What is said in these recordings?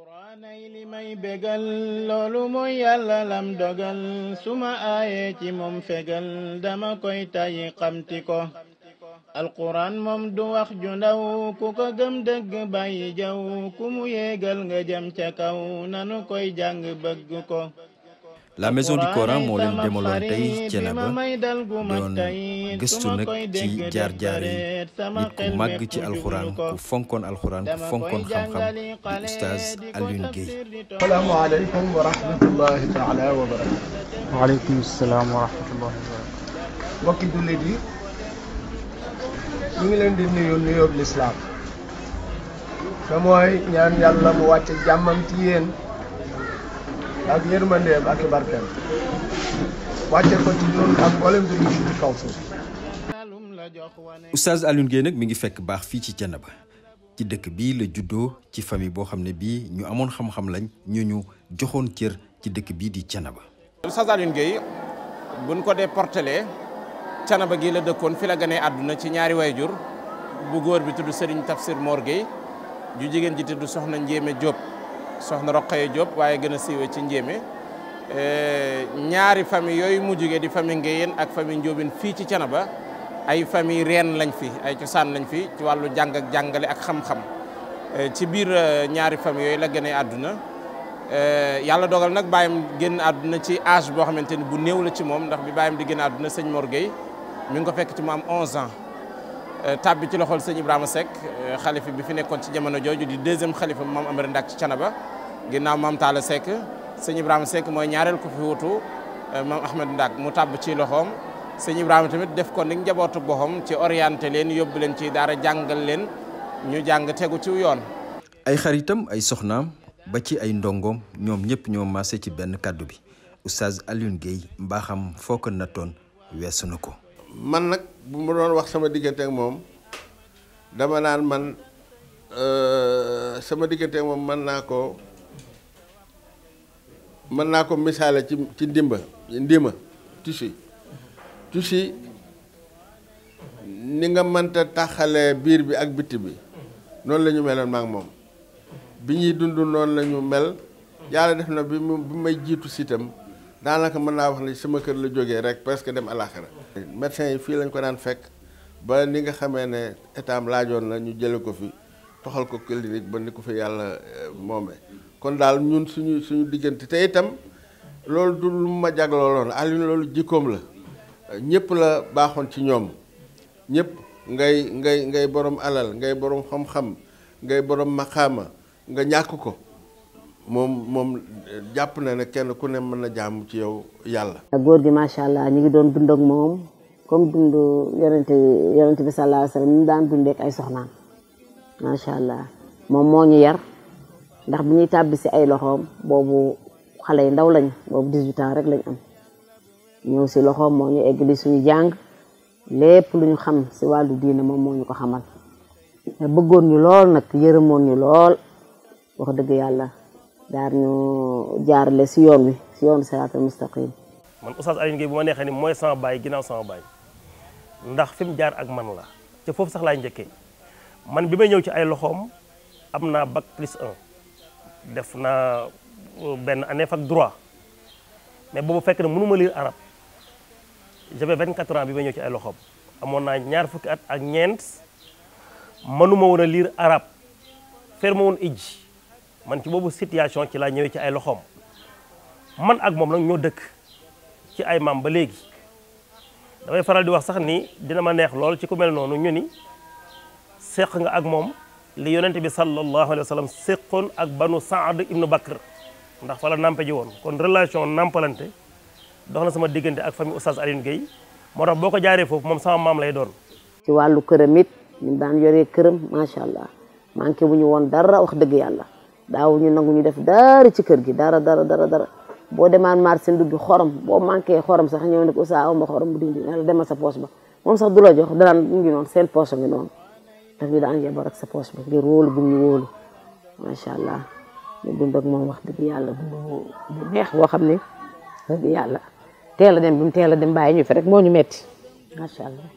quraanay li may bégal loolu mooy yàlla lam dogal suma aaye ci moom fegal dama koy tayi xamti ko alquran moom du wax ju ndaw ku ko gëm dëgg bàyyi jaw ku mu yéegal nga jam ca kaw nanu koy jàng bëgg ko la maison du coran demolon tay ci na ba don gestu nak ci jar jar yi nit ku màgg ci alquran ku fonkon alquran ko fonkon xam-xam di oustaz Alioune assalamu alaykum wa rahmatullahi taala wa wa alaykum assalam wa rahmatullahi wa barakatuh mbokki dulle di ñu ngi len di nuyu nuyoob l'islam da moy ñaan yalla mu wacc jàmmam ci yeen ak yërmandeem ak i wàcce ko ci ñun ak mboolem bi ci kaw suuf. Oustaz Alioune Guèye nag mi ngi fekk baax fii ci Thiénaba ci dëkk bii la juddoo ci famille boo xam ne bii ñu amoon xam-xam lañ ñu ñu joxoon cër ci dëkk bii di canaba Oustaz Alioune Guèye buñ ko déportelee canaba gii la dëkkoon fi la ganee àdduna ci ñaari wayjur bu góor bi tudd Serigne Tafsir Mor Guèye ju jigéen ji tudd Soxna Ndiémé Diop. soxna Roqaye Diop waaye gën a siiwee ci njéeme eh, ñaari famille yooyu mu jugee di famille Ngéyeen ak famille Njóobin fii ci Canaba ay famille reen lañ fi ay cosaan lañ fi ci wàllu jàng ak jàngale ak xam-xam eh, ci biir eh, ñaari famille yooyu la gënee àdduna yàlla dogal nag bàyyam génn adduna ci age boo xamante ni bu néew la ci moom ndax bi baayam di génn àdduna sëñ Mor Gueye mi ngi ko fekk ci mu am 11 Euh, tàbbi ci loxol sëñ a Seck euh, xalifa bi fi nekkoon ci jamono jooju di deuxième xalifa maam Amary Ndak ci Canaba ginnaaw maam Talla Seck sëñ Ibrahima Seck mooy ñaareel ko fi wutu euh, maam Ahmed Ndak mu tàbb ci loxoom sëñ Ibrahima tamit def ko ni njabootu boppam ci orienté leen yóbbu leen ci daara jàngal leen ñu jàng tegu ci yoon. ay xaritam ay soxnaam ba ci ay ndongoom ñoom ñëpp ñoo maase ci benn kàddu bi oustaz Alioune Guèye mbaaxam foo ko nattoon weesu na ko. man nag bu ma doon wax sama diggante ak moom dama naan man euh, sama diggante ak moom mën naa ko mën naa ko misaale ci ci ndimba ndima tusi tusi ni nga mënta taxale biir bi ak bitti bi noonu la ñu meloon maak moom bi ñuy dund noonu lañu mel yàlla def na bi mu bi may jiitu sitam daanaka mën naa wax ne sama kër la jógee rek presque dem àllaaxira médecin yi fii lañ ko daan fekk ba ni nga xamee ne état am laajoon na ñu jële ko fi toxal ko clinique ba ni ko fi yàlla euh, moome kon daal ñun suñu suñu diggante te itam loolu du lu ma jaglooloon Alioune loolu jikkoom la ñëpp la baaxoon ci ñoom ñëpp ngay ngay ngay borom alal ngay boroom xam-xam ngay borom maxaama nga ñàkk ko moom moom jàpp na ne kenn ku ne mën na jaamu ci yow yàlla. góor gi macha allah ñu ngi doon dund ak moom comme dund yonente yonente bi sallallahu alayhi wa daan dundeek ay soxnaam macha allah moom moo ñu yar ndax bu ñuy tàbbi si ay loxoom boobu xale yi ndaw lañ boobu 18 rek lañ am ñëw si loxoom moo ñu egg di suñu jàng lépp lu ñu xam si wàllu diine moom moo ñu ko xamal. bëggoon ñu lool nag yërëmoon ñu lool wax dëgg yàlla. daal ñu jaarale si yoon wi si yoon siraatal mustaqim man Oustaz Alioune Gueye bu ma neexee ni mooy sama baay ginaaw sama baay ndax fi mu jaar ak man la te foofu sax laay njëkkee man bi may ñëw ci ay loxoom am naa bac plus 1 euh, benn année fac droit mais boobu fekk na mënu ma lire arabe j'avais 24 bi may ci ay loxoom amoon naa ñaar fukki at ak ñeent mënuma woon a lire arabe ferme woon ijji man ci bobu situation ci la ñëw ci ay loxom man ak mom nak ñoo dëkk ci ay mam ba léegi damay faral di wax sax ni dina ma neex lool ci ku mel nonu ñu ni sekh nga ak mom li yonent bi sallallahu alaihi wasallam sallam ak banu saad ibnu bakr ndax fa la nampe ji won kon relation nampalante doxna sama diggante ak fami oustaz aline Gueye mo tax boko jaaré fofu mom sama mam lay doon ci walu këram it ñu daan yoree këram allah dara wax dëgg yalla daw ñu nangu ñu def dara ci kër gi dara dara dara dara bo demaan marsin dubbi xorom bo manké xorom sax ñew ne ko saa aw xorom bu dindi yàlla demal sa poche ba mom sax dula jox danaan ngi non seen poche ngi non daf ñu daan sa poche ba ngir rool bu ñu ma sha allah ñu dund ak mom wax dëgg yalla bu bu neex boo xamné ne dëgg yàlla dem bu téla dem bàyyi ñu fi rek mo ñu metti sha allah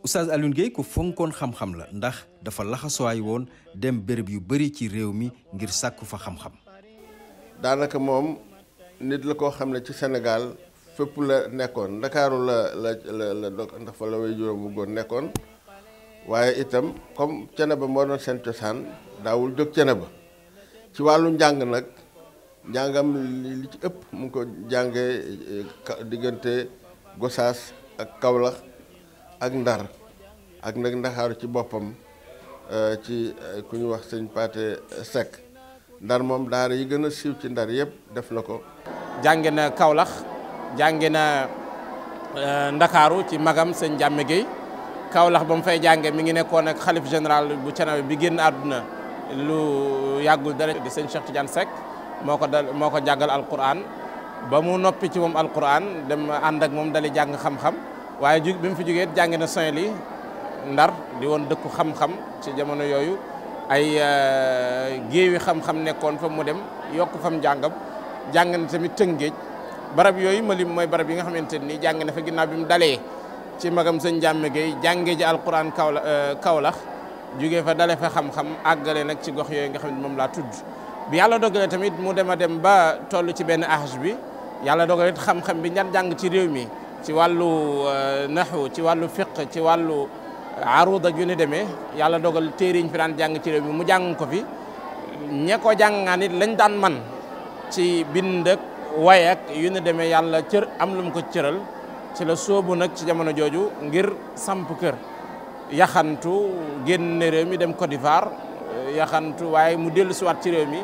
Oustaz Alioune Gueye ku fonkoon xam-xam la ndax dafa laxasuwaay woon dem bërëb yu bari ci réew mi ngir sàkku fa xam-xam. daanaka moom nit la koo xam ne ci Sénégal fépp la nekkoon ndakaaru la la la la dafa la way juróom bu nekkoon waaye itam comme Ceneba moo doon seen cosaan daawul jóg cene ba ci wàllu njàng nag njàngam li ci ëpp mu ngi ko jàngee eh, diggante Gosaas ak Kaolack. ak ndar ak nag ndaxaaru ci boppam euh, ci euh, ku ñu wax sëñ Paate Seck ndar moom daara yi gën a siiw ci ndar yëpp def na ko jànge na kawlax jànge na euh, ndakaaru ci magam sëñ Jàmme Guèye kawlax ba mu fay jànge mi ngi nekkoon ak xalif général bu Thiénaba bi génn àdduna lu yàggul dara di sëñ Cheikh Tidiane Seck moo ko dal moo ko jàngal alquran ba mu noppi ci moom alquran dem ànd ak moom dali jàng xam-xam waye juk bi fi jógee jangé na saint li Ndar di won dekk xam-xam ci jamono yoyu ay euh, geewi xam-xam nekkon fa mu dem yok fam jangam jàng na tamit teungej barab yoyu ma lim barab yi nga xamanteni ni na fa ginnaw bi dalé ci magam sëñ Jamme Gueye jangé ji alquran Kawla euh, Kawlax jógee fa dalé fa xam-xam agalé nak ci gox yooyu nga xamni mom la tudd bi yalla dogalé tamit mu dem dem ba tollu ci ben ahj bi yalla dogalé xam-xam bi ñan jang ci rew mi ci walu euh, nahwu ci walu fiqh ci walu euh, aruud ak yu ni demee yàlla dogal téréñ fi daan jang ci rew mi mu jang ko fi ñe ko lañ daan man ci bind ak way ak yu ni demee cër am lu ko cëral ci la sobu nak ci jamono joju ngir samp kër yaxantu genn rew mi dem Côte d'Ivoire euh, yaxantu waye mu delu ci wat ci rew mi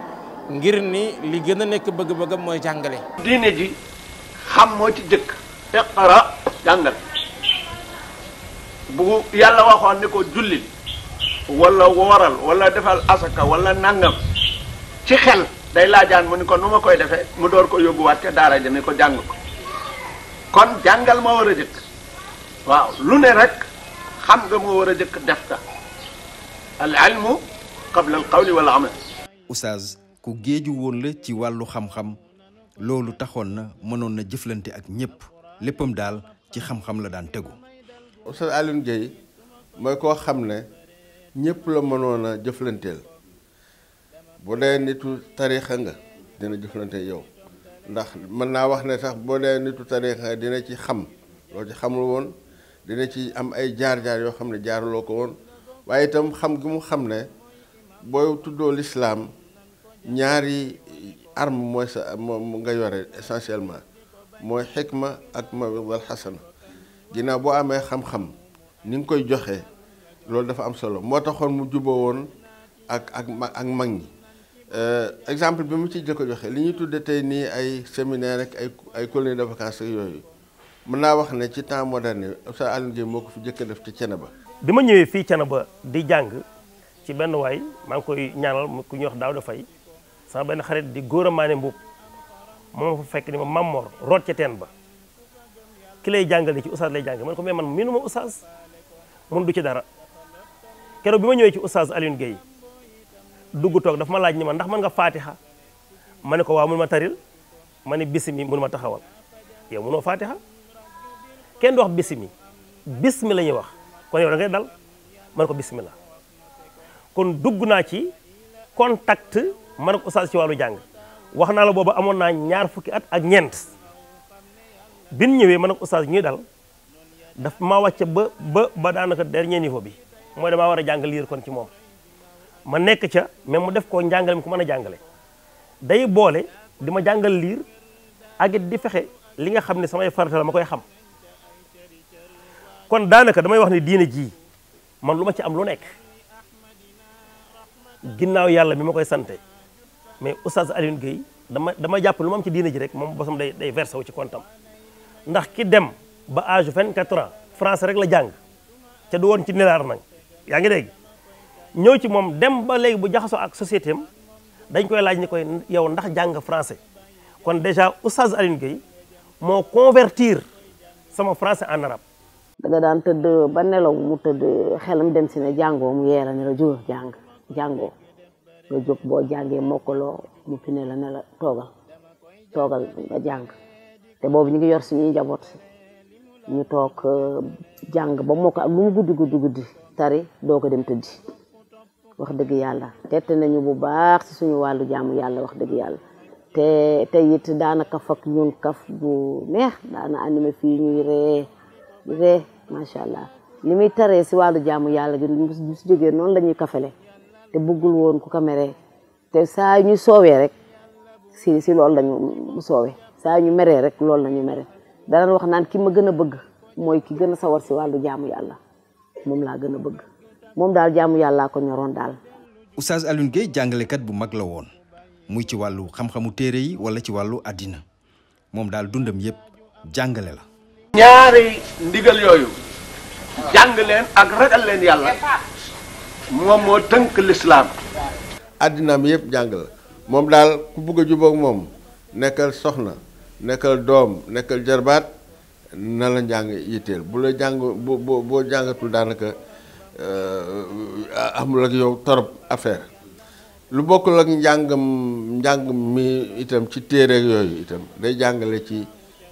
ngir ni li gëna nek nekk bëgg-bëggam mooy jàngale diine ji xam mo ci dëkk iqra jàngal bu yàlla waxoon ni ko jullil wala wooral wala defal asaka wala nangam ci xel day laajaan mu ni ko nu ma koy defee mu door ko yóbbuwaat ca daara ja ni ko jàng ko kon jàngal ma war a jëkk waaw lu ne rek xam nga moo war a jëkk def ka al ilmu qabla al qawli wal amal oustaz ku géeju woon la ci wàllu xam-xam loolu taxoon na mënoon na jëflante ak ñépp léppam daal ci xam-xam la daan tegu. Oustaz Alioune Guèye mooy koo xam ne ñëpp la mënoon jëflanteel boo dee nitu tariixa nga dina jëflante yow ndax mën naa wax ne sax boo dee nitu tariixa dina ci xam loo ci xamul woon dina ci am ay jaar-jaar yoo xam ne jaaruloo ko woon waaye itam xam gi mu xam ne booy tuddoo lislaam ñaari arme mooy sa moom nga yore essentiellement mooy xikma ak ma mawidal xasana ginnaaw boo amee xam-xam ni nga koy joxe loolu dafa am solo moo taxoon mu juboo woon ak ak ak mag ñi euh, exemple bi mu ci jëkk joxe li ñuy tudde tey nii ay séminaire rek ay ay colonie de vacances ak yooyu mën naa wax ne ci temps moderne Oustaz Alioune Guèye moo ko fi jëkk def ci ba bi ma ñëwee fii ba di jàng ci benn waay maa ngi koy ñaanal ku ñuy wax daaw dafay sama benn xarit di góor a maane mbubb moo fa fekk ni ma Mamor root ca teen ba ki lay jàngale ci oustaz lay jàngale man ko mais man miinu ma oustaz mun du ci dara keroog bi ma ñëwee ci oustaz Alioune Guèye dugg toog dafa ma laaj ni ma ndax mën nga faatiha ma ne ko waaw mun ma taril ma ne bisimi mun ma taxawal yow munoo faatiha kenn du wax bisimi bismi la ñuy wax kon yow da dal ma ko bismillah kon dugg naa ci contact man ak oustaz ci wàllu jàng wax naa la booba amoon naa ñaar fukki at ak ñeent bin ñëwee man ak oustaz ñuy dal daf ma wàcce ba ba ba daanaka dernier niveau bi mooy damaa war a jàng liir kon ci moom ma nekk ca mais mu def koo njàngale mi ku mën a jàngale day boole di ma jàngal liir ak it di fexe li nga xam ne samay farata la ma koy xam kon daanaka damay wax ne diine jii man lu ma ci am lu nekk ginnaaw yàlla mi ma koy sante mais oustaz Alioune Gueye dama dama jàpp lu mu am ci diina ji rek moom bosam day day versé wu ci kontam ndax ki dem ba âge vingt quatre ans français rek la jàng ca du woon ci nelaar nag yaa ngi dégg ñëw ci moom dem ba léegi bu jaxasoo ak société dañ koy laaj ni koy yow ndax jàng français kon déjà oustaz aline Gueye moo convertir sama français en arabe da nga daan tëdd ba nelaw mu tëdd xelam dem si ne jàngoo mu yeera ne la jóor jàng jàngoo nga jóg boo jàngee mokkaloo mu fi ne la ne la toogal togal nga jang té bobu ñu ngi yor suñu jabot ñu tok euh, jang ba moko ak lu mu gudd gudd tari doo ko dem tëddi wax dëgg yàlla tette nañu bu baax si suñu walu jaamu yalla wax deug yalla té té yitt daana kaf ak ñun kaf bu neex daana animé fi ñuy ré ma sha allah limi taré ci si wàllu jaamu yàlla gi bu si jógee non lañuy kafalé te bëggul woon ku ko meree te saa ñu soowee rek si si loolu lañu soowee saa ñu meree rek loolu lañu meree danañ wax naan ki ma gën a bëgg mooy ki gën a sawar si wàllu jaamu yàlla moom laa gën a bëgg moom daal jaamu yàlla ko ñoroon daal. Oustaz Alioune Guèye jàngalekat bu mag la woon muy ci wàllu xam-xamu téere yi wala ci wàllu àddina moom daal dundam yépp jàngale la. ñaari ndigal yooyu jàng leen ak ragal leen yàlla. moom moo tënk lislaam addinaam yëpp jàng la moom daal ku bugg a jubóog moom nekkal soxna nekkal doom nekkal jarbaat na la njàng yitteel bu la jàng bu boo jàngatul daanaka euh, amul ak yow torop affaire lu bokkul ak njàngam njàng mi itam ci téere yooyu itam day jàngale ci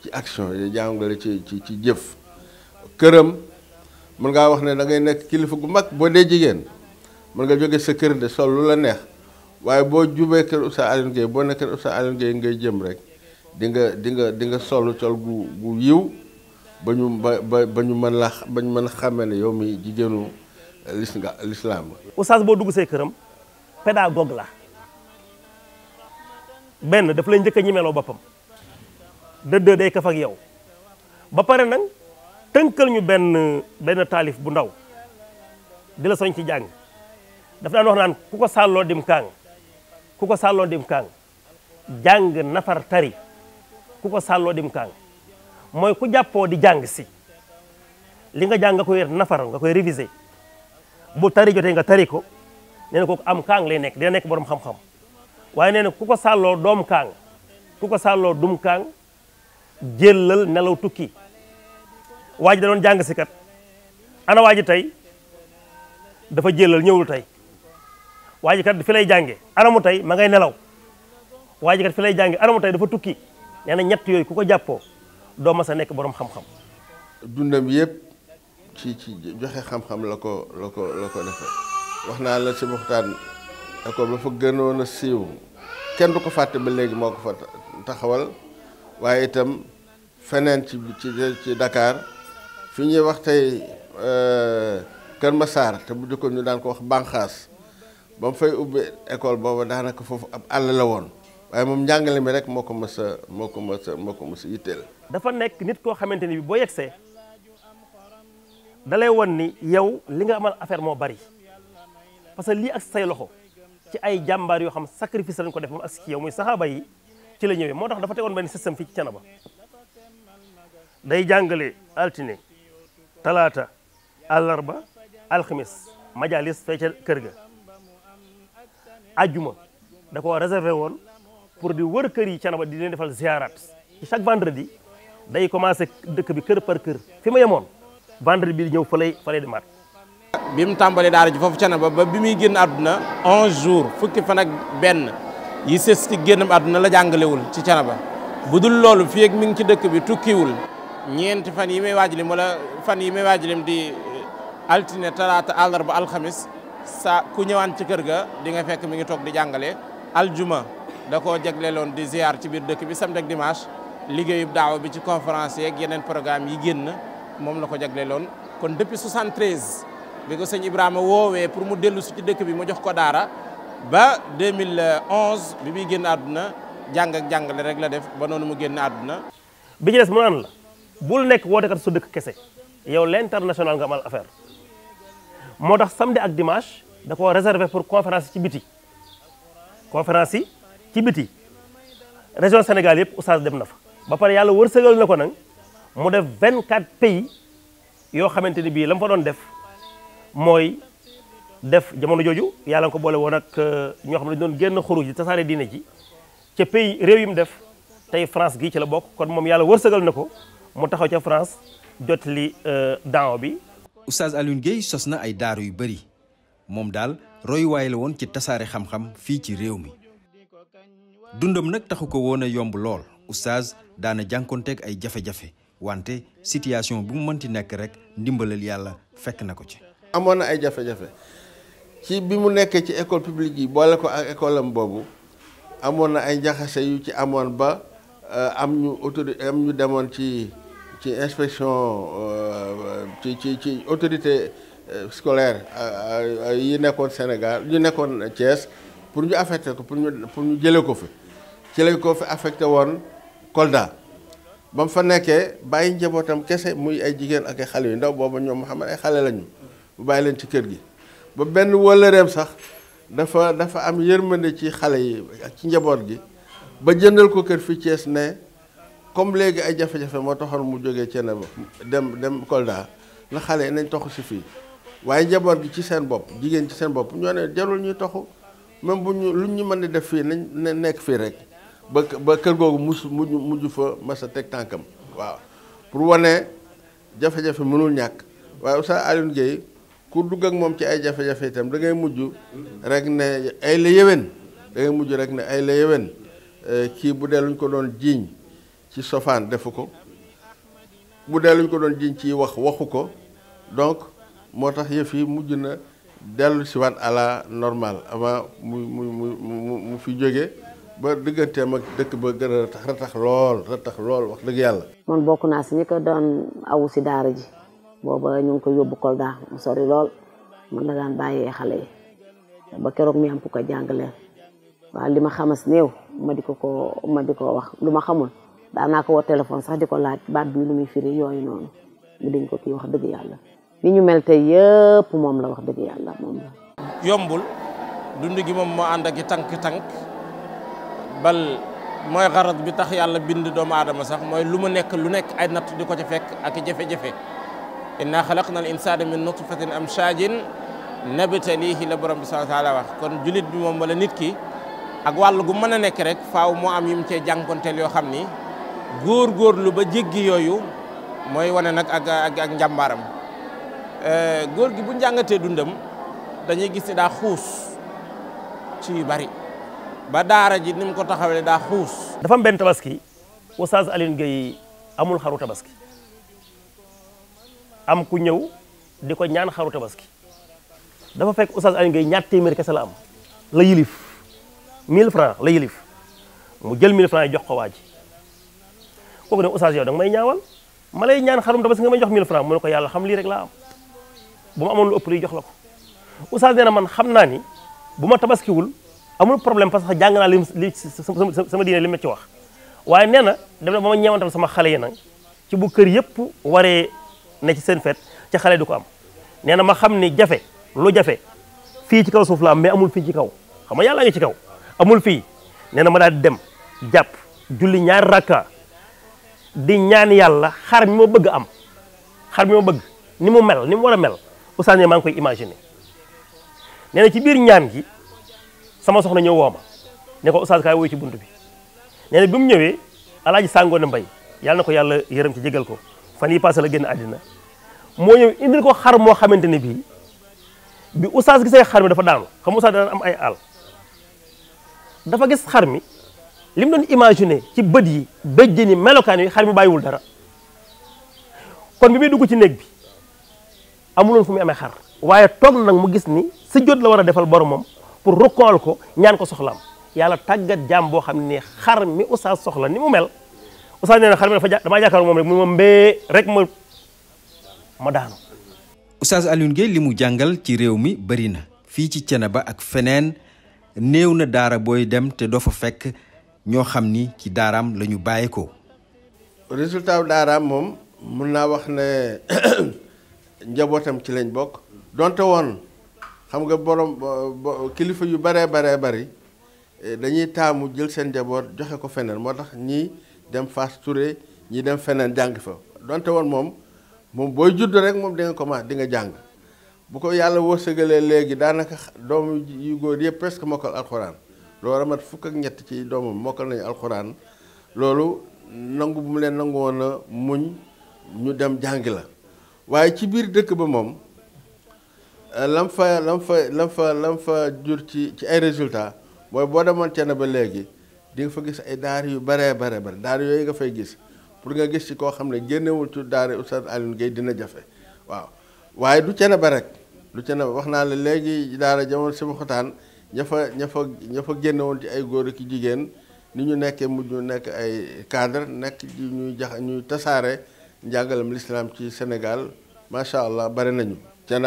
ci action day jàngale ci ci ci jëf këram mën ngaa wax ne dangay nekk kilifa gu mag boo dee jigéen mën nga jóge sa kër de sol lu la neex waaye boo jubee kër Oustaz Alioune Gueye boo nekkee Oustaz Alioune Gueye ngay jëm rek dinga nga di nga sol col gu gu yiw ba ñu mën la ba ñu mën a xàmmee yow mi jigéenu euh, lis nga lislaam la Oustaz boo dugg see këram pédagogue la benn daf lay njëkk a ñemeloo boppam dëddë day kaf ak yow ba pare nag tënkal ñu benn taalif bu ndaw di la soñ ci jàng dafa daan wax naan ku ko sàlloo dim kaang ku ko sàlloo dim kaang jàng nafar tari ku ko sàlloo dim kaang mooy ku jàppoo di jàng si li nga jàng nga koy nafar nga koy réviser bu tari jotee nga tari ko nee ko kooku am kaang lay nekk dina nekk borom xam-xam waaye nee na ku ko sàlloo doom kaang ku ko sàlloo dum kaang jëllal nelaw tukki waa da doon jàng si kat ana waa tey dafa jëlal ñëwul tey waaj kat fi lay jànge anamu tey ma ngay nelaw waa ji kat fi lay jànge anamu tey dafa tukki nee na ñett yooyu ku ko jàppoo doo mas a nekk boroom xam-xam dundam yépp ci ci joxe xam-xam la ko la ko la defe wax naa la si waxtaan école ba fa gënoon siiw kenn du ko fàtte ba léegi moo ko fa taxawal waaye itam feneen ci ci ci Dakar fi ñuy wax tey euh, Kër Massar te bu jëkkoon ñu daan ko wax banqaas ba mu fay ubbi école booba daanaka foofu ab àll la woon waaye moom njàngale mi rek moo ko mës a moo ko mës a moo ko yitteel dafa nekk nit koo xamante ni bi boo yegsee da won ni yow li nga amal affaire moo bari parce que lii ak say loxo ci ay jàmbaar yoo xam sacrifice lañ ko def moom ak si yow muy saxaaba yi ci la ñëwee moo tax dafa tegoon benn système fii ci Thiénaba day jàngale altine talaata àllarba alxamis majalis fee ca kër ga ajuma da koo réservé woon pour di wër kër yi canaba di leen defal ziarat ci chaque vendredi day commencé dëkk bi kër par kër fi ma yemoon vendredi bi di ñëw fa lay fa lay bi mu tàmbalee daara ji foofu canaba ba bi muy génn adduna 11 jours fukki fan benn yi sës ci génnam àdduna la jàngalewul ci canaba bu dul loolu fii ak ngi ci dëkk bi tukkiwul ñeenti fan yi may waajalim wala fan yi may waajalim di altine talaata ba alxamis sa ku ñëwaan ci kër ga di nga fekk mi ngi tok di jangalé aljuma da jéglé lon di ziar ci biir dëkk bi samedi ak dimanche liggéeyub daaw bi ci conférence yeeg yenen programme yi genn mom la ko lon kon depuis 73 bi ko seigne Ibrahima wowe pour mu déllu ci dëkk bi mu jox ko daara ba 2011 bi bi genn aduna jang ak jangalé rek la def ba nonu mu genn aduna bi ci dess mu naan la bul nekk su dëkk kese yow l'international nga mal affaire. motax samedi ak dimanche da koo réservé pour conférence ci biti conférence ci biti région Sénégal yépp oustad dem na fa ba paré yalla wërsegal na nak mu def 24 pays yo xamanteni bi lam fa doon def moy def jamono joju yalla ko bolé won ak euh, ño xam ne doon génn xuruj ji tasaare diine ci ca pays réew yi mu def tay France gi ci la bok kon mom yalla wërsegal nako ko mu taxaw ci France jotli euh daaw bi Oustaz Alioune Guèye sos na ay daara yu bari moom daal royuwaay la woon ci tasaare xam-xam fii ci réew mi dundam nag taxu ko woon a yomb lool Oustaz daana jànkonteeg ay jafe-jafe wante situation bu mu mënti nekk rek ndimbalal yàlla fekk na ko ci. amoon na ay jafe-jafe ci bi mu nekkee ci école publique yi boole ko ak école am boobu amoon na ay jaxase yu ci amoon ba euh, am ñu autorité am ñu demoon ci. ci inspection euh, ci ci ci autorité euh, scolaire euh, yi nekkoon Sénégal ñu nekkoon Thiès pour ñu affecté ko pour ñu pour ñu jëlee ko fi ci lañ ko fi affecté woon Kolda ba mu fa nekkee bàyyi njabootam kese muy ay jigéen ak xale yu ndaw booba ñoom Mouhamed ay xale lañu bu bàyyi leen ci kër gi ba benn wëllëreem sax dafa dafa am yërmande ci xale yi ak ci njaboot gi ba jëndal ko kër fi cees ne comme léegi ay jafe-jafe moo taxoon mu jógee Thiénaba dem dem Kolda na xale nañ toxu si fii waaye njaboot gi ci seen bopp jigéen ci seen bopp ñoo ne jarul ñuy toxu même bu ñu lu ñu mën di def fii nañ nekk fii rek ba ba kër googu mus mujj mujj fa masa teg tànkam waaw pour wane jafe-jafe mënul ñàkk waaye Oustaz Alioune Guèye ku dugg ak moom ci ay jafe-jafe itam da ngay mujj rek ne ay la yéwén da ngay mujj rek ne ay la yéwén eh, kii bu dee luñ ko doon jiiñ ci sofan defu ko bu delu ko don jiñ ci wax waxu ko donc motax ye fi mujjuna delu ci wat ala normal ama mu mu mu mu fi joge ba digganteem mak dekk ba gëna tax ratax ratax lool ratax lool wax deug yalla man bokku na ci ko don awu ci daara ji boba ñu ngi ko yóbbu mu sori lool man daan baye xalé ba kérok mi am ko jangale wa li xamas ma di ko ma diko wax luma daan naa ko woo téléphone sax di ko laaj baat bii lu muy firi yooyu noonu mu dañ kii wax dëgg yàlla ni ñu mel tey moom la wax dëgg yàlla yombul dund gi moom moo ànd ak i tànk-tànk bal mooy xarat bi tax yàlla bind doomu aadama sax mooy lu mu nekk lu nekk ay natt di ko ca fekk ak jafe-jafe inna xalaqna saada insana min nutfatin ni nabtalihi la borom bi subhanahu wa taala wax kon julit bi moom wala nit ki ak wàll gu mën a nekk rek faaw moo am yim cee jànkonteel yoo xam ni góor góorlu ba jéggi yooyu mooy wane nag ak ak eh, góor gi bu njàngatee dundam dañuy gis ne daa xuus ci yu bari ba daara ji ni ko taxawee daa xuus. dafa am benn tabaski Oustaz Alioune Gueye amul xaru tabaski am ku ñëw di ko ñaan xaru tabaski dafa fekk Oustaz Alioune Gueye ñaar téeméer kese la la yilif 1000 francs la yilif mu jël 1000 francs yi jox ko waa kooku ne oustaz yow da nga may ñaawal ma lay ñaan xarum tabaski may jox 1000 francs mu ne ko yàlla xam lii rek laa am bu ma amoon lu ëpp lii jox la amul problème parce que jàng naa li li sama diine li ma wax waaye nee na dem na ba ma ñeewantal sama xale yi nag ci bu kër yëpp waree na ci seen fet ci xale du ko am nee na ma xam ni jafe lu jafe fii ci kaw suuf la am mais amul fii ci kaw xam nga yàlla ngi ci kaw amul fii nee ma daal dem jàpp julli ñaari rakka di ñaan yàlla xar mi ma bëgg am xar mi ma bëgg ni mu mel ni mu war a mel Oustaz ne maa ngi koy imagine nee na ci biir ñaan gi sama soxna ñëw woo ma ne ko Oustaz kaay woy ci bunt bi nee na bi mu ñëwee alaaji sàngoone mbay yàlla na ko yàlla yërëm ci jégal ko fan yi passé la génn àddina moo ñëw indil ko xar moo xamante ne bii bi Oustaz gisee xar mi dafa daanu xam Oustaz dana am ay àll dafa gis xar mi li mu doon imaginer ci bët yi bëjjën yi melokaan wi xar mi bàyyiwul dara kon bi muy dugg ci néeg bi amuloon fu mu amee xar waaye toog na nag mu gis ni sa jot la war a defal boromam pour rukkool ko ñaan ko soxla soxlaam yàlla tàggat jaam boo xam ne xar mi oustaz soxla ni mu mel oustaz nee na xar mi dafa damaa jàkkaar rek mu ma daanu oustaz Alioune Gueye li mu jàngal ci réew mi bëri na fii ci ba ak feneen néew na daara booy dem te doo fa fekk ñoo xam ni ci daaram la ñu bàyyeekoo. résultat wu daaraam moom mun naa wax ne njabootam ci lañ bokk donte woon xam nga borom kilifa yu baree baree bari eh, dañuy taamu jël seen njaboot joxe ko feneen moo tax ñi dem fas Touré ñii dem feneen jàng fa donte woon moom moom booy judd rek moom di nga commencé di nga jàng bu ko yàlla wërsëgalee léegi daanaka doom yu góor yëpp presque mokkal alxuraan. lu war a fukk ak ñett ci doomam mokkal nañu alxuraan loolu nangu bu mu leen nangu woon a muñ ñu dem jàngi la waaye ci biir dëkk ba moom euh, lam fa lam fa lam fa lam fa jur ci ci ay résultat mooy boo demoon cene ba léegi di fa gis ay daar yu baree bare bare daar yooyu nga fay gis pour nga gis ci koo xam ne génnewul ci daara Oustaz Alioune Guèye dina jafe waaw waaye du cene ba rek du cene ba wax naa la léegi daara jamono si ma xotaan ña fa ña fa ña fa génn woon ci ay góor ak jigéen ni ñu nekkee mujj nekk ay cadre nekk ci ñuy jax ñuy tasaare njàngalam lislaam ci senegal macha allah bari nañu.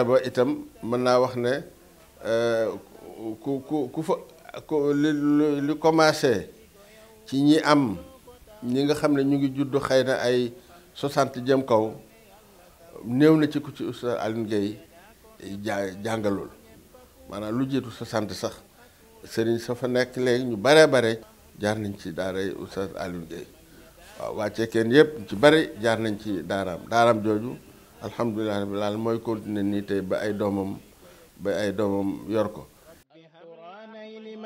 ba itam mën naa wax ne euh, ku ku ku fa ku li li commencé ci ñi am ñi nga xam ne ñu ngi juddu xëy na ay soixante jëm kaw néew na ci ku ci Oustaz Alioune Guèye jàngalul. maanaam lu jiitu sa sant sax sëriñ sa fa nekk léegi ñu baree bare jaar nañ ci daaray Oustaz Alioune Gueye waaw wàccee kenn yëpp ci bari jaar nañ ci daaraam daaraam jooju alhamdulilah rabbil alamin mooy continuer nii tey ba ay doomam ba ay doomam yor ko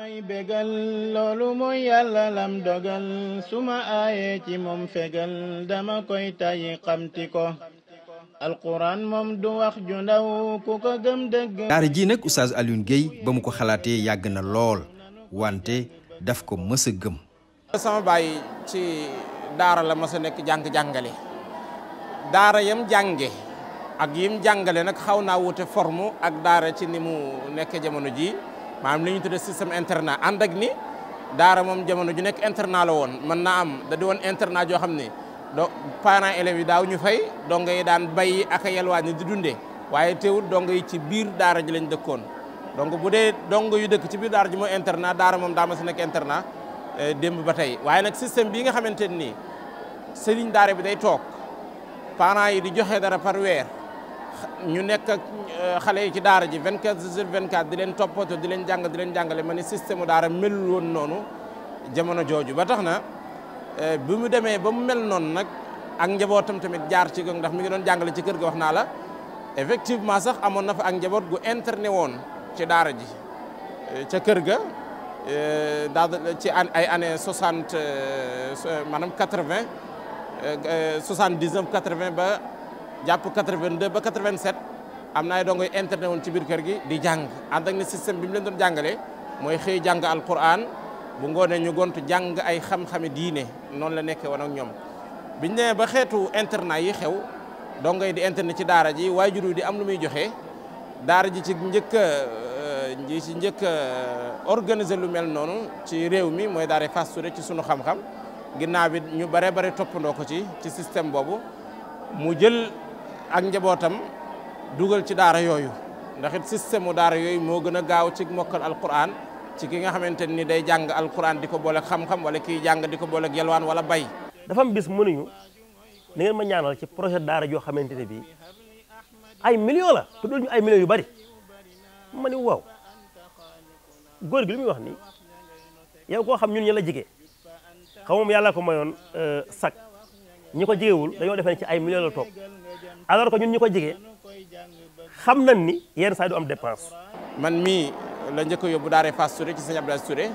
may bégal loolu mooy yàlla lam dogal suma aaye ci moom fegal dama koy tayi xamti ko alquran moom du wax ju ndaw ku ko gëm dëgg. daara ji nag oustaz Alioune Guèye ba mu ko xalaatee yàgg na lool wante daf ko mës a gëm. sama baay ci daara la mës nekk jàng jàngale daara yam jànge ak yim jàngale nag xaw naa wute forme ak daara ci ni mu nekk jamono ji maanaam li ñu tuddee système internat ànd ak ni daara moom jamono ju nekk internat la woon mën naa am da woon internat joo xam ne. donc parents élèves yi daaw ñu fay dongo yi daan bay ak a di dundee waaye teewul dongo yi ci biir daara ji lañ dëkkoon donc bu dee dongo yu dëkk ci biir daara ji mooy internat daara moom daa ma si nekk internat eh, démb ba tey waaye nag système bii nga xamante nii sëliñ daara bi day toog parents yi di joxe dara par weer ñu nekk ak eh, xale yi ci daara ji 24 sur 24 di leen toppatoo di leen jàng di leen jàngale ma ne système daara melul woon noonu jamono jooju ba tax na. Eh, bi mu demee ba mu mel noonu nag ak njabootam tamit jaar ci gog ndax mi ngi doon jàngale ci kër ga wax naa la effectivement sax amoon na fa ak jaboot gu interné woon ci daara ji eh, ca kër ga eh, daa ci ay année soixante maanaam quatre vingt soixante dix neuf quatre vingt ba jàpp quatre vingt deux ba quatre am naa ay dongoy interné woon ci biir kër gi di jàng ànd ak ne système bi mu leen doon jàngalee mooy xëy jàng alquran bu ngoonee ñu gontu jàng ay xam-xami diine noonu la nekkee woon ak ñoom biñ ne ba xeetu internat yi xew dongay di internet ci daara ji waajur di am lu muy joxe daara ji ci njëkk euh, ji ci njëkk organiser lu mel noonu ci réew mi mooy daara Fass Touré ci sunu xam-xam ginnaaw bi ñu bare bare toppandoo ko ci ci système boobu mu jël ak njabootam dugal ci daara yooyu ndax it système daara yooyu moo gën a gaaw ci mokkal alquran ci ki nga xamante ni day jàng alkuraan di ko booleeg xam-xam wala kiy jàng di ko booleeg yelwaan wala bay dafa am bis mënuñu na ngeen ma ñaanal ci projet daara joo xamante ne bii ay millions la te ay millions yu bari ma ni waaw góor gi li muy wax ni yow koo xam ñun ñu la jigee xam moom yàlla ko mayoon euh, sac ñi ko jigewul dañoo defee ci ay millions la toog alors que ñun ñi ko jege xam nañ ni yenn saa du am dépense man mii la njëkk a yóbbu daaree Fass Touré ci sëñ Abdoulaye Touré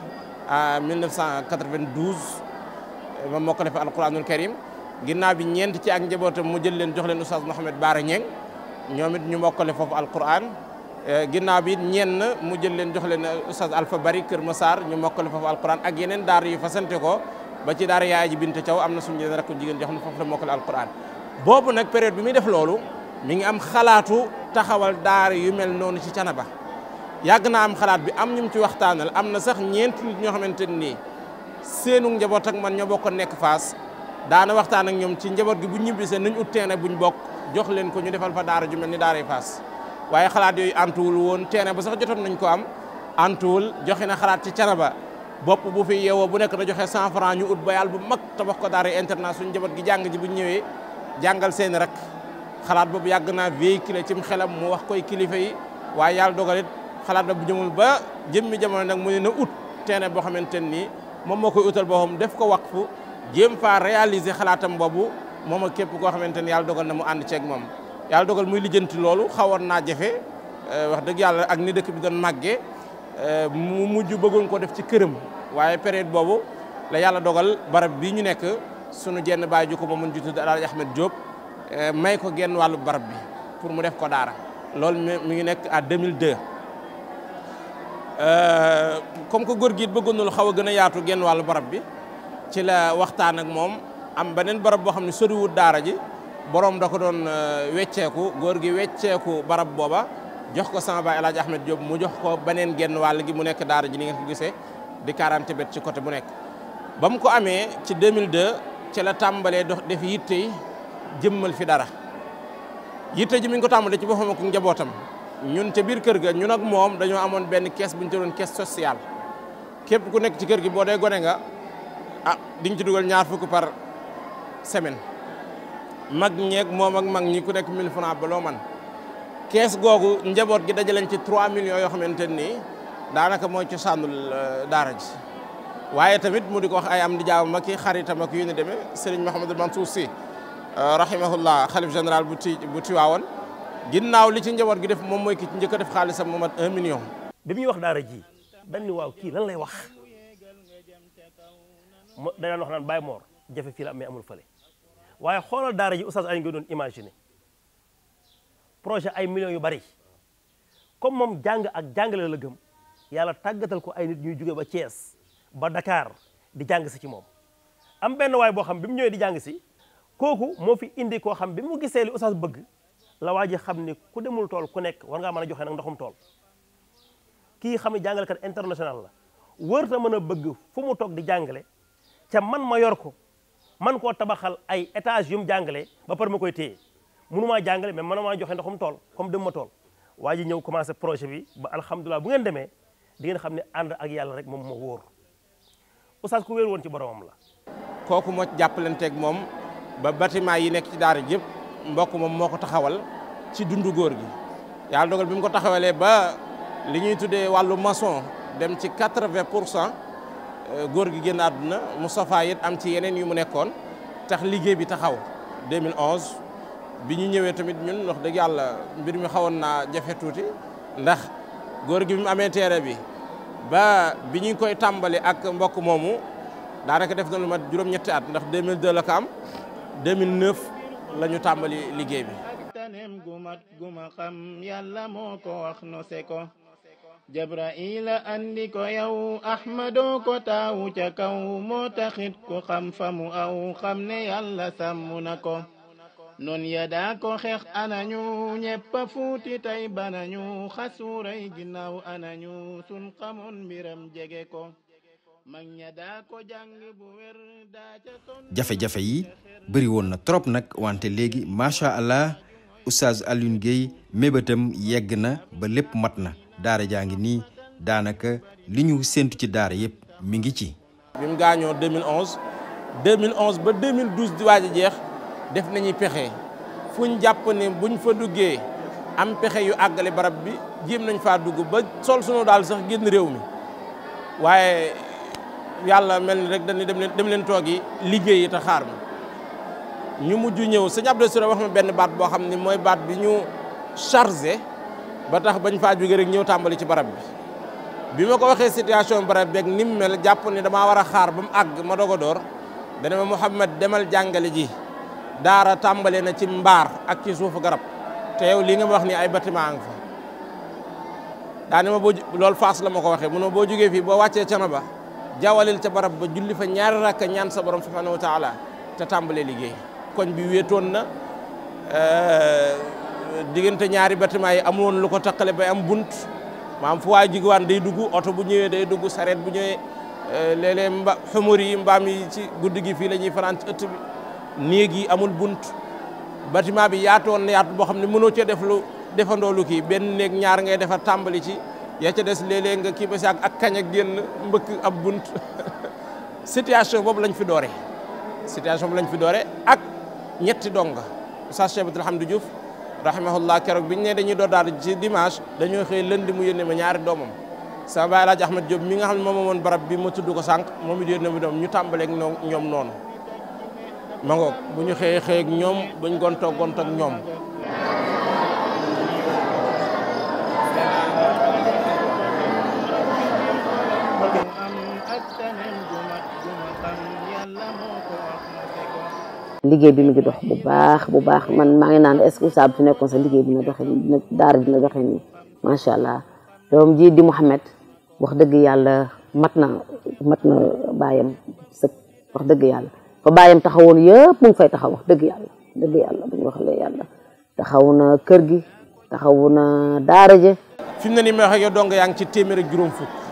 en 1992 moom moo ko defee alquranul karim ginnaaw bi ñeent ci ak njabootam mu jël leen jox leen oustaz Mouhamed Baara Ñeng ñoom it ñu mokkale foofu alquran ginnaaw bi ñenn mu jël leen jox leen oustaz Alpha Bari Kër Massar ñu mokkale foofu alquran ak yeneen daar yu fa sante ko ba ci daara yaay ji Binta Thiaw am na suñu yeneen rakku jigéen jox na foofu la mokkale alquran boobu nag période bi muy def loolu mi ngi am xalaatu taxawal daar yu mel noonu ci canaba yàgg na am xalaat bi am ñum ci waxtaanal am na sax ñeenti nit ñoo xamante nii seenu njaboot ak man ñoo bokk nekk faas daana waxtaan ak ñoom ci njaboot gi bu ñibbi seen nañ ut teene buñ bokk jox leen ko ñu defal fa daara ju mel ni daaray faas waaye xalaat yooyu antuwul woon teene ba sax jotoon nañ ko am antuwul joxe na xalaat ci canaba bopp bu fi yeewoo bu nekk na joxe 100 francs ñu ut ba yàlla bu mag ta tabax ko daara internat suñ njaboot gi jàng ji bu ñëwee jàngal seen rek xalaat boobu yàgg naa véhiculé cim xelam wax koy kilifa yi waaye yàlla dogalit xalaat na bu jëmul ba jëmmi jamono nag mu ne na ut teene boo xamante nii moom moo koy utal boppam def ko waqfu jéem faa réaliser xalaatam boobu moom ak képp koo xamante ni yàlla dogal na mu ànd ceeg moom yàlla dogal muy lijjanti loolu xawoon naa jafe euh, wax dëgg yàlla ak ni dëkk bi doon màggee euh, mu mujj bëggoon ko def ci këram waaye période boobu la yàlla dogal barab bi ñu nekk sunu jenn baay ju ko moomun ju tudd Alaaji Ahmed Diop euh, may ko genn wàllu barab bi pour mu def ko daara loolu mu ngi nekk a à 2002 Euh, comme que góor gi it bëggoon na lu xaw a gën a yaatu genn wàllu barab bi ci la waxtaan ak moom am beneen barab boo xam ne soriwut daara ji borom da ko doon euh, wecceeku góor gi wecceeku barab booba jox ko samba baay El Hadj Ahmed Diop mu jox ko beneen genn wàll gi mu nekk daara ji ni nga ko gisee di 40 bet ci côté bu nekk. ba mu ko amee ci 2002 ci la tàmbalee dox def yitte yi jëmmal fi dara yitte ji mi ngi ko tàmbalee ci boppam ak njabootam. ñun ca biir kër ga ñun ak moom dañoo amoon benn kees bu ñu tuddoon kees sociale képp ku nekk ci kër gi boo dee gone nga ah di nga ci dugal ñaar fukk par semaine mag ñeek moom ak mag ñi ku nekk mille francs ba loo man kees googu njaboot gi dajaleñ ci 3 millions yoo xamante nii daanaka mooy cosaanul euh, daara ji waaye tamit mu di ko wax ay am di jaam ak i xaritam ak yu ni demee Serigne Mouhamadou Mansour Sy euh, rahimahullah xalif général bu ti bu Tiwaawan ginnaaw li ci njaboot gi def moom mooy ki ci njëkk a def xaalisam mu mat un million. bi muy wax daara ji dañ ni kii lan lay wax mu daan wax naan Baye Mor jafe fii la amee amul fële waaye xoolal daara ji oustaz Aliou nga doon imaginer projet ay millions yu bari comme moom jàng ak jàngale la gëm yàlla tàggatal ko ay nit ñuy jóge ba Thiès ba Dakar di jàng si ci moom. am benn waay boo xam bi mu ñëwee di jàng si kooku moo fi indi koo xam bi mu gisee li oustaz bëgg. la waa ji xam ni ku demul tool ku nekk war ngaa mën a joxe nag ndoxum tool kii xam ne jàngalekat international la wër ta mën a bëgg fu mu toog di jàngale ca man ma yor ko man koo tabaxal ay étage yu mu jàngale ba par ma koy munu maa jàngale mais man maa joxe ndoxum tool comme dem ma tool waa ji ñëw commencé projet bi ba alhamdulilah bu ngeen demee di ngeen xam ne ànd ak yàlla rek moom ma wóor oustaz ku wéer woon ci boromam la kooku moo jàppalanteeg moom ba bâtiment yi nekk ci daara yëpp mbokk moom moo ko taxawal ci dundu góor gi yàlla dogal bi mu ko taxawalee ba li ñuy tuddee wàllu maçon dem ci quatre-vingt pour cent euh, góor gi génn àdduna Moustapha it am ci yeneen yu mu nekkoon tax liggéey bi taxaw 2011 bi ñu ñëwee tamit ñun wax dëgg yàlla mbir mi xawoon naa jafe tuuti ndax góor gi mu amee teere bi ba bi ñu koy tàmbali ak mbokk moomu daanaka def na lu mat juróom-ñetti at ndax 2002 la ko am 2009 la ñu tàmbali liggéey bi tanem gu mat xam yàlla moo ko wax no se ko jabraila andi ko yow ahmadoo ko taawu ca kaw moo taxit ko xam fa mu aw xam ne yàlla sàmm na ko noon ya ko xeex anañu ñépp a fuuti tey banañu xasuuray ginnaaw anañu sun xamoon mbiram jege ko jafe-jafe yi bëri woon na trop nag wante léegi macha allah oustaz Alioune Guèye mébétam yegg na ba lépp mat na daara jaa ngi nii daanaka li ñu séntu ci daara yëpp mi ngi ci. bi mu gaañoo 2011 2011 ba 2012 di waaj a jeex def nañuy pexe fuñ jàpp ne buñ fa duggee am pexe yu àggale barab bi jéem nañ faa dugg ba sol sunu daal sax génn réew mi waaye. yàlla mel ni rek dañu dem leen dem leen toog yi liggéey yi te xaar ñu mujj ñëw sëñ Abdou Sura wax ma benn baat boo xam ni mooy baat bi ñu chargé ba tax bañ faa jóge rek ñëw tàmbali ci barab bi bi ma ko waxee situation barab beeg ni mu mel jàpp ni damaa war a xaar ba mu àgg ma doog a door dana ma Mouhamed demal jàngale ji daara tàmbale na ci mbaar ak ci suufu garab te yow lii nga ma wax ni ay bâtiment nga fa daane ma boo loolu faas la ma ko waxee mu boo jógee fii boo wàccee cana ba jawalil ca barab ba julli fa ñaari rakka ñaan sa borom subhanahu wa taala te tàmbalee liggéey koñ bi wéetoon na euh, diggante ñaari bâtiment yi amuloon lu ko taqale bay am bunt maam fu waa jigwaan day dugg oto bu ñëwee day dugg sareet bu ñëwee euh, léeg-léeg mba mbaam yi ci guddi gi fii lañuy ñuy fanaan ci ëtt bi amul bunt bâtiment bi yaatoon na yaatu boo xam ne mënoo cee def lu defandoo lu kii benn néeg ñaar ngay defar tàmbali ci yaa ca des léeg nga kii ba saak ak kañ a génn mbëkk ab bunt situation boobu lañ fi doore situation boobu lañ fi doore ak ñetti donga Oustaz Cheikh Abdoul Hamdou Diouf rahimahullah keroog bi ñu ne dañuy doo daal ci dimanche dañoo xëy lënd mu yónnee ma ñaari doomam sa baay Alaaji Ahmed Diop mi nga xam ne moom amoon barab bi ma tudd ko sànq moom it yónnee mu doom ñu tàmbaleeg ñoom noonu ma bu ñu xëyee xëyeeg ñoom buñ gontoog gontoog ñoom liggéey bi mi ngi dox bu baax bu baax man ma ngi naan est-ce que sa bu fi nekkoon sax liggéey bi na doxee nii daara dina doxee nii macha allah doom ji di mohammed wax dëgg yàlla mat na mat na bàyyam sëg wax dëgg yàlla fa bàyyam taxawoon yëpp mu ngi fay taxaw wax dëgg yàlla dëgg yàlla bu wax waxee yàlla taxaw na kër gi taxaw na daara je. fi mu ne nii may wax ak yow dong yaa ngi ci téeméer ak juróom fukk.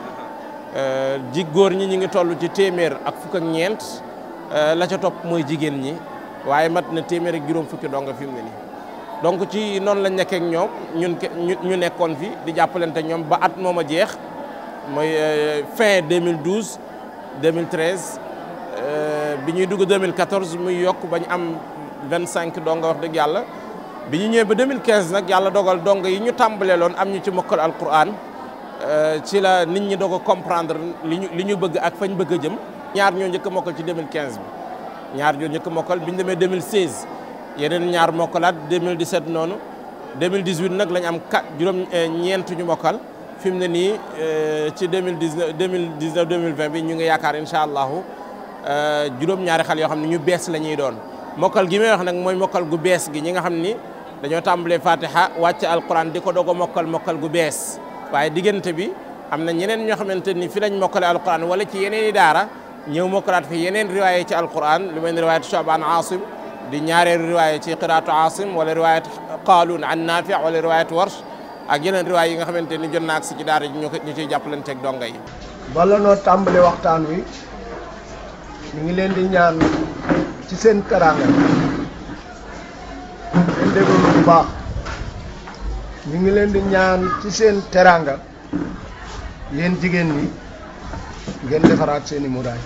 ji góor ñi ñu ngi toll ci téeméer ak fukk ak ñeent euh, la ca topp mooy jigéen ñi waaye mat na téeméer ak juróom fukki donga fi ni ne donc ci noonu lañ nekkee ak ñoom ñun ñu nekkoon fi di jàppalante ñoom ba at moom a jeex mooy euh, fin 2012 2013 euh, bi ñuy dugg 2014 muy yokk ba ñu am cinq donga wax dëgg yàlla bi ñu ñëwee ba 2015 nag yàlla dogal donga yi ñu tàmbaleeloon am ñu ci mokkal alquran Euh, ci la nit ñi doog a comprendre li ñu li ñu bëgg ak fañ bëgg jëm ñaar ñoo njëkk mokal mokkal ci 2015 bi ñaar ñoo njëkk mokal mokkal bi ñu demee 2016 yeneen ñaar mokkalaat 2017 noonu 2018 nag lañ am quatre juróom euh, ñeent ñu mokkal fi mu ne nii euh, ci 2019 2019 2020 bi ñu ngi yaakaar incha allahu juróom-ñaari xal yoo xam ne ñu bees la ñuy doon mokal gi may wax nag mooy mokkal gu bees gi ñi nga xam ni dañoo tàmbalee fatiha wàcc alquran di ko doog a mokkal mokkal gu bees waaye diggante bi am na ñeneen ñoo xamante ni fi lañ mokkale alquran wala ci yeneen i daara ñëw mokkalaat fi yeneen riwaaye ci alquran lu mel ni riwaayatu Shaban Asim di ñaareelu riwaaye ci qiraatu Asim wala riwaayatu Qaalun an Naafi wala riwaayatu Warsh ak yeneen riwaay yi nga xamante ni jot naa ak si ci daara ñu ñu ciy jàppalanteeg donga yi. bala noo tàmbali waxtaan wi ngi leen di ñaan ci seen teraanga ñu ngi leen di ñaan ci seen teranga yeen jigen ni ngeen defaraat seeni muraay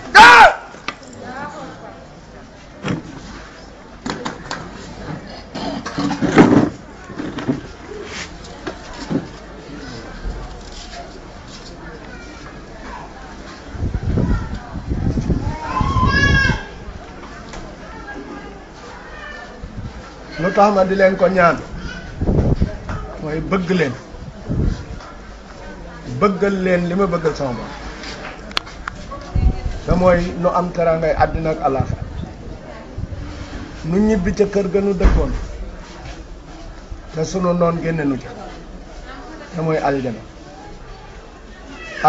lu ma di leen ko ñaan mooy bëgg leen bëggal leen li ma bëggal sama bopp te mooy nu am terangay àddina ak àllaaxira nu ñibbi ca kër ga nu dëkkoon te sunu noon génne nu ca te mooy aljana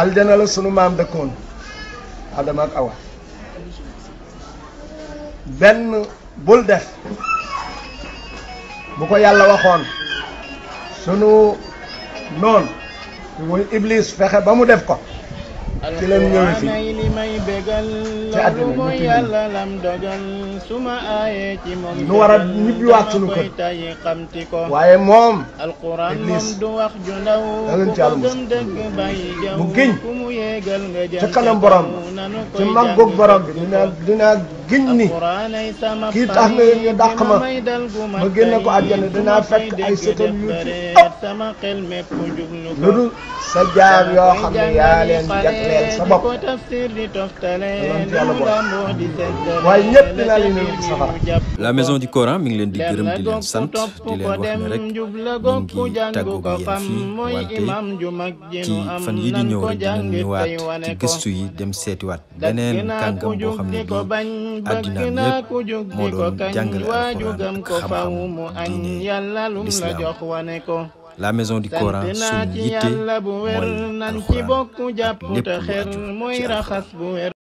aljana la sunu maam dëkkoon adama ak awa benn bul def bu ko yàlla waxoon sunu noon muy iblis fexe ba mu def ko ci leen ñëwee fi ci àddina ñu nu war a ñibbiwaat sunu kër waaye moom iblis da leen ci àll mu giñ ci kanam borom ci mag boog borom bi dina giñ ni kii tax na yéen ñu dàq ma ma génne ko àjjana dinaa fekk ay sëtam yu ci ëpp lu dul sa jaam yoo xam ne yaa leen jagleel sa bopp waaye ñëpp dinaa leen yóbbu safara. la maison du Coran mi ngi leen di gërëm di leen sant di leen wax ne rek ñu ngi tàggoog yéen fii wante ci fan yi di ñëw rek dinañ ñëwaat ci gëstu yi dem seetiwaat beneen kàngam boo xam ne bii. addinaam yépp ko doon jàngale alxuraan ak xam-xam diine lislaam la maison du la suñu yitte mooy alxuraan ak lépp lu aju ci weer